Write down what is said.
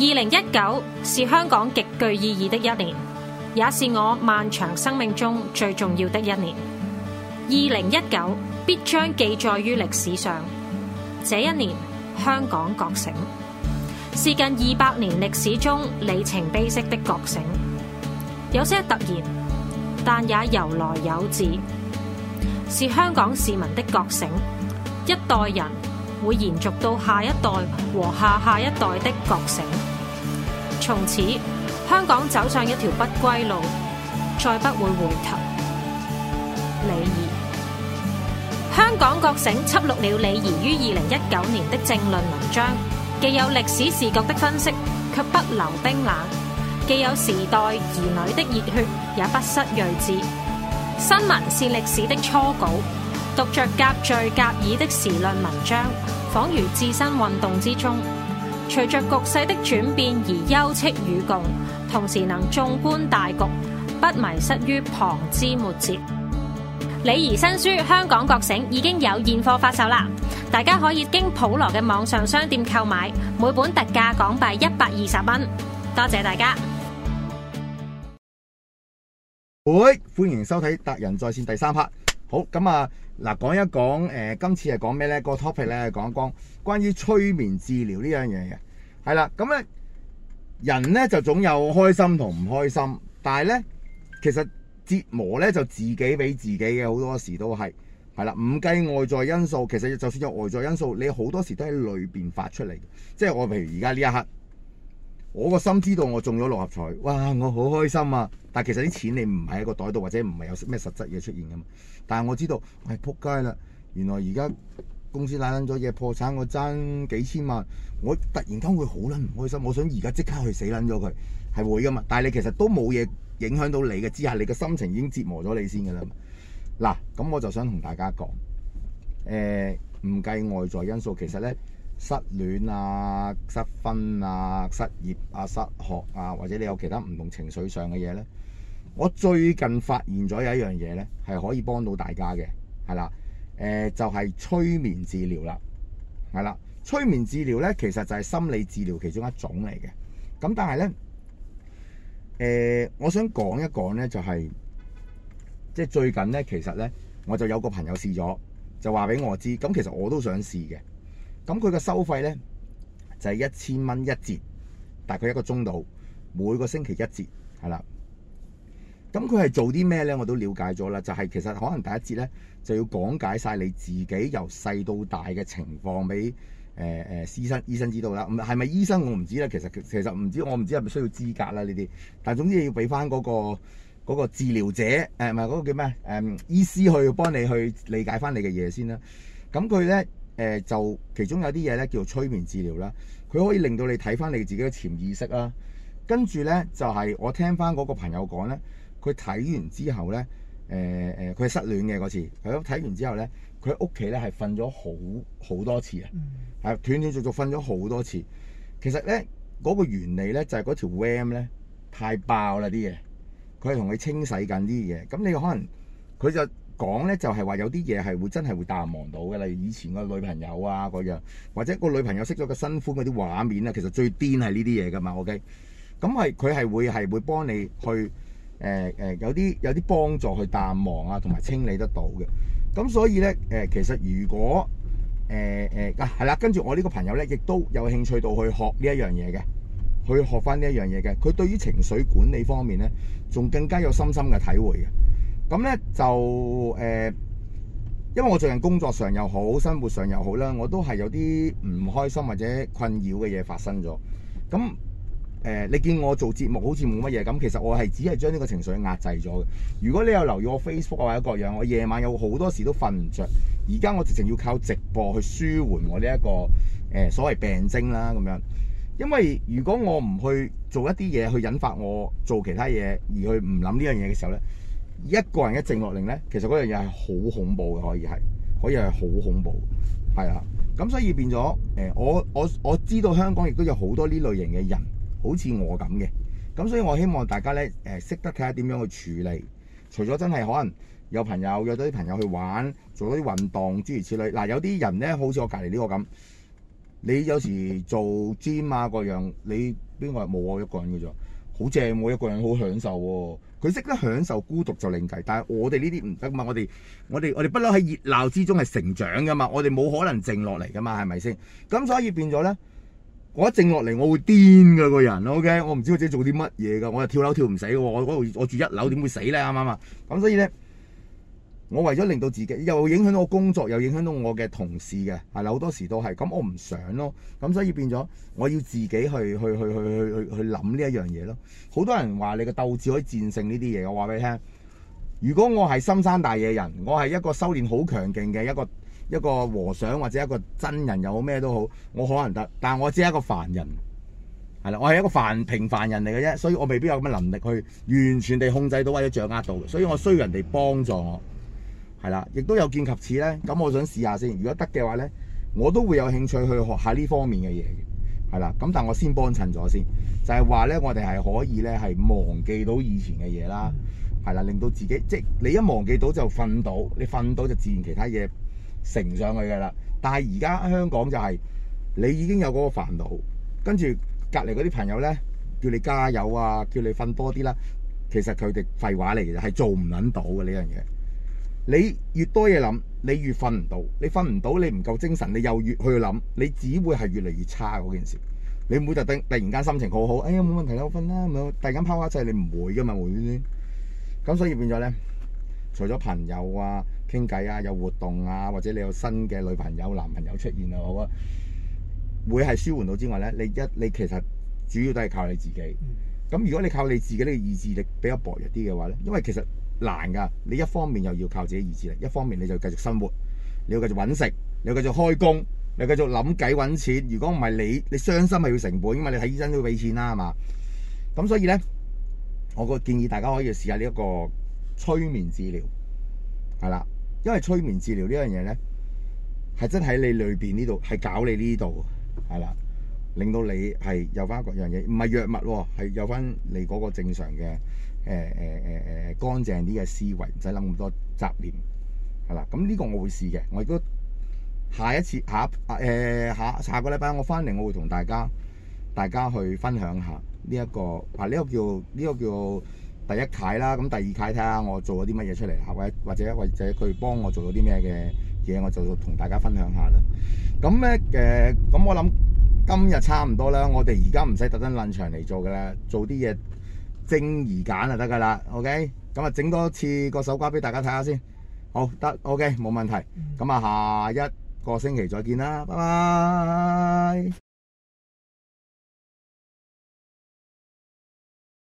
二零一九是香港極具意義的一年，也是我漫長生命中最重要的一年。二零一九必將記載於歷史上。這一年，香港覺醒，是近二百年歷史中里程碑式的覺醒。有些突然，但也由來有自，是香港市民的覺醒，一代人。會延續到下一代和下下一代的覺醒，從此香港走上一條不歸路，再不會回頭。李怡，香港覺醒輯錄了李怡於二零一九年的政論文章，既有歷史視覺的分析，卻不留冰冷；既有時代兒女的熱血，也不失睿智。新聞是歷史的初稿。讀着夾敘夾議的時論文章，仿如置身運動之中，隨着局勢的轉變而休戚與共，同時能縱觀大局，不迷失於旁枝末節。李怡新書《香港覺醒》已經有現貨發售啦，大家可以經普羅嘅網上商店購買，每本特價港幣一百二十蚊。多謝大家！喂，歡迎收睇《達仁在線》第三 part。好咁啊，嗱，講一講誒，今次係講咩呢？個 topic 呢，係講一講關於催眠治療呢樣嘢嘅，係啦，咁、嗯、呢，人呢，就總有開心同唔開心，但係呢，其實折磨呢，就自己俾自己嘅，好多時都係，係啦，唔計外在因素，其實就算有外在因素，你好多時都喺裏邊發出嚟，即係我譬如而家呢一刻。我個心知道我中咗六合彩，哇！我好開心啊！但係其實啲錢你唔係喺個袋度，或者唔係有咩實質嘢出現噶嘛。但係我知道，唉、哎，仆街啦！原來而家公司冧撚咗嘢破產，我爭幾千萬，我突然間會好撚唔開心。我想而家即刻去死撚咗佢，係會噶嘛？但係你其實都冇嘢影響到你嘅之下，你嘅心情已經折磨咗你先噶啦。嗱，咁我就想同大家講，誒、呃，唔計外在因素，其實咧。失戀啊、失婚啊、失業啊、失學啊，或者你有其他唔同情緒上嘅嘢呢？我最近發現咗有一樣嘢呢，係可以幫到大家嘅，係啦，誒、呃、就係、係、催眠治療啦，係啦，催眠治療呢，其實就係心理治療其中一種嚟嘅，咁但係呢，誒、呃、我想講一講呢，就係、係，即、就、係、係、最近呢，其實呢，我就有個朋友試咗，就話俾我知，咁其實我都想試嘅。咁佢嘅收費咧就係、是、一千蚊一節，大概一個鐘度，每個星期一節，係啦。咁佢係做啲咩咧？我都了解咗啦，就係、是、其實可能第一節咧就要講解晒你自己由細到大嘅情況俾誒誒醫生醫生知道啦。係咪醫生我唔知啦，其實其實唔知我唔知係咪需要資格啦呢啲。但係總之要俾翻嗰個嗰個治療者誒唔係嗰個叫咩誒、呃、醫師去幫你去理解翻你嘅嘢先啦。咁佢咧。誒就其中有啲嘢咧叫做催眠治療啦，佢可以令到你睇翻你自己嘅潛意識啦、啊。跟住咧就係我聽翻嗰個朋友講咧，佢睇完之後咧，誒誒佢係失戀嘅嗰次，係咯睇完之後咧，佢喺屋企咧係瞓咗好好多次啊，係斷斷續續瞓咗好多次。其實咧嗰個原理咧就係嗰條 REM 咧太爆啦啲嘢，佢係同佢清洗緊啲嘢。咁你可能佢就。講咧就係話有啲嘢係會真係會淡忘到嘅，例如以前女、啊、個女朋友啊嗰樣，或者個女朋友識咗個新歡嗰啲畫面啊，其實最癲係呢啲嘢㗎嘛。OK，咁係佢係會係會幫你去誒誒、呃、有啲有啲幫助去淡忘啊，同埋清理得到嘅。咁所以咧誒、呃，其實如果誒誒係啦，跟住我呢個朋友咧，亦都有興趣到去學呢一樣嘢嘅，去學返呢一樣嘢嘅，佢對於情緒管理方面咧，仲更加有深深嘅體會嘅。咁咧就誒、呃，因為我最近工作上又好，生活上又好啦，我都係有啲唔開心或者困擾嘅嘢發生咗。咁誒、呃，你見我做節目好似冇乜嘢，咁其實我係只係將呢個情緒壓制咗嘅。如果你有留意我 Facebook 或者各樣，我夜晚有好多時都瞓唔着，而家我直情要靠直播去舒緩我呢、這、一個誒、呃、所謂病徵啦咁樣。因為如果我唔去做一啲嘢去引發我做其他嘢，而去唔諗呢樣嘢嘅時候咧。一個人一靜落嚟呢，其實嗰樣嘢係好恐怖嘅，可以係，可以係好恐怖，係啊。咁所以變咗，誒，我我我知道香港亦都有好多呢類型嘅人，好似我咁嘅。咁所以我希望大家呢，誒，識得睇下點樣去處理。除咗真係可能有朋友約多啲朋友去玩，做多啲運動，諸如此類。嗱，有啲人呢，好似我隔離呢個咁，你有時做 gym 啊嗰樣，你邊個冇我一個人嘅啫？好正喎，一個人好享受喎，佢識得享受孤獨就另計，但係我哋呢啲唔得嘛，我哋我哋我哋不嬲喺熱鬧之中係成長㗎嘛，我哋冇可能靜落嚟㗎嘛，係咪先？咁所以變咗咧，我一靜落嚟，我會癲㗎個人，OK？我唔知佢自己做啲乜嘢㗎，我又跳樓跳唔死喎，我度我住一樓點會死咧，啱唔啱啊？咁所以咧。我為咗令到自己又影響到我工作，又影響到我嘅同事嘅係啦，好多時都係咁，我唔想咯。咁所以變咗我要自己去去去去去去去諗呢一樣嘢咯。好多人話你嘅鬥志可以戰勝呢啲嘢，我話俾你聽。如果我係深山大野人，我係一個修煉好強勁嘅一個一個和尚或者一個真人又好咩都好，我可能得。但我只係一個凡人係啦，我係一個凡平凡人嚟嘅啫，所以我未必有咁嘅能力去完全地控制到或者掌握到，所以我需要人哋幫助我。係啦，亦都有見及此呢。咁我想試下先。如果得嘅話呢，我都會有興趣去學下呢方面嘅嘢嘅。係啦，咁但我先幫襯咗先，就係、是、話呢，我哋係可以呢，係忘記到以前嘅嘢啦，係啦、嗯，令到自己即你一忘記到就瞓到，你瞓到就自然其他嘢乘上去嘅啦。但係而家香港就係、是、你已經有嗰個煩惱，跟住隔離嗰啲朋友呢，叫你加油啊，叫你瞓多啲啦。其實佢哋廢話嚟嘅，係做唔撚到嘅呢樣嘢。你越多嘢諗，你越瞓唔到。你瞓唔到，你唔夠精神。你又越去諗，你只會係越嚟越差嗰件事。你唔會特登突然間心情好好，哎呀冇問題啦，我瞓啦。突然間拋下掣你唔會噶嘛，無端端。咁所以變咗咧，除咗朋友啊、傾偈啊、有活動啊，或者你有新嘅女朋友、男朋友出現又好啊，會係舒緩到之外咧，你一你其實主要都係靠你自己。咁如果你靠你自己呢個意志力比較薄弱啲嘅話咧，因為其實。難噶，你一方面又要靠自己意志力，一方面你就繼續生活，你要繼續搵食，你要繼續開工，你繼續諗計搵錢。如果唔係你，你傷心係要成本噶嘛，你睇醫生都要俾錢啦，係嘛。咁所以呢，我個建議大家可以試下呢一個催眠治療，係啦，因為催眠治療呢樣嘢呢，係真係喺你裏邊呢度，係搞你呢度，係啦。令到你係有翻各樣嘢，唔係藥物喎、啊，係有翻你嗰個正常嘅誒誒誒誒乾淨啲嘅思維，唔使諗咁多雜念，係啦。咁呢個我會試嘅，我亦都下一次下誒、呃、下下個禮拜我翻嚟，我會同大家大家去分享下呢、這、一個，嗱、啊、呢、這個叫呢、這個叫第一屆啦。咁第二屆睇下我做咗啲乜嘢出嚟，或者或者或者佢幫我做到啲咩嘅嘢，我就同大家分享下啦。咁咧誒，咁、呃、我諗。今日差唔多啦，我哋而家唔使特登攬場嚟做噶啦，做啲嘢精而簡就得噶啦，OK？咁啊，整多次個手瓜俾大家睇下先，好得 OK？冇問題，咁啊，下一個星期再見啦，拜拜。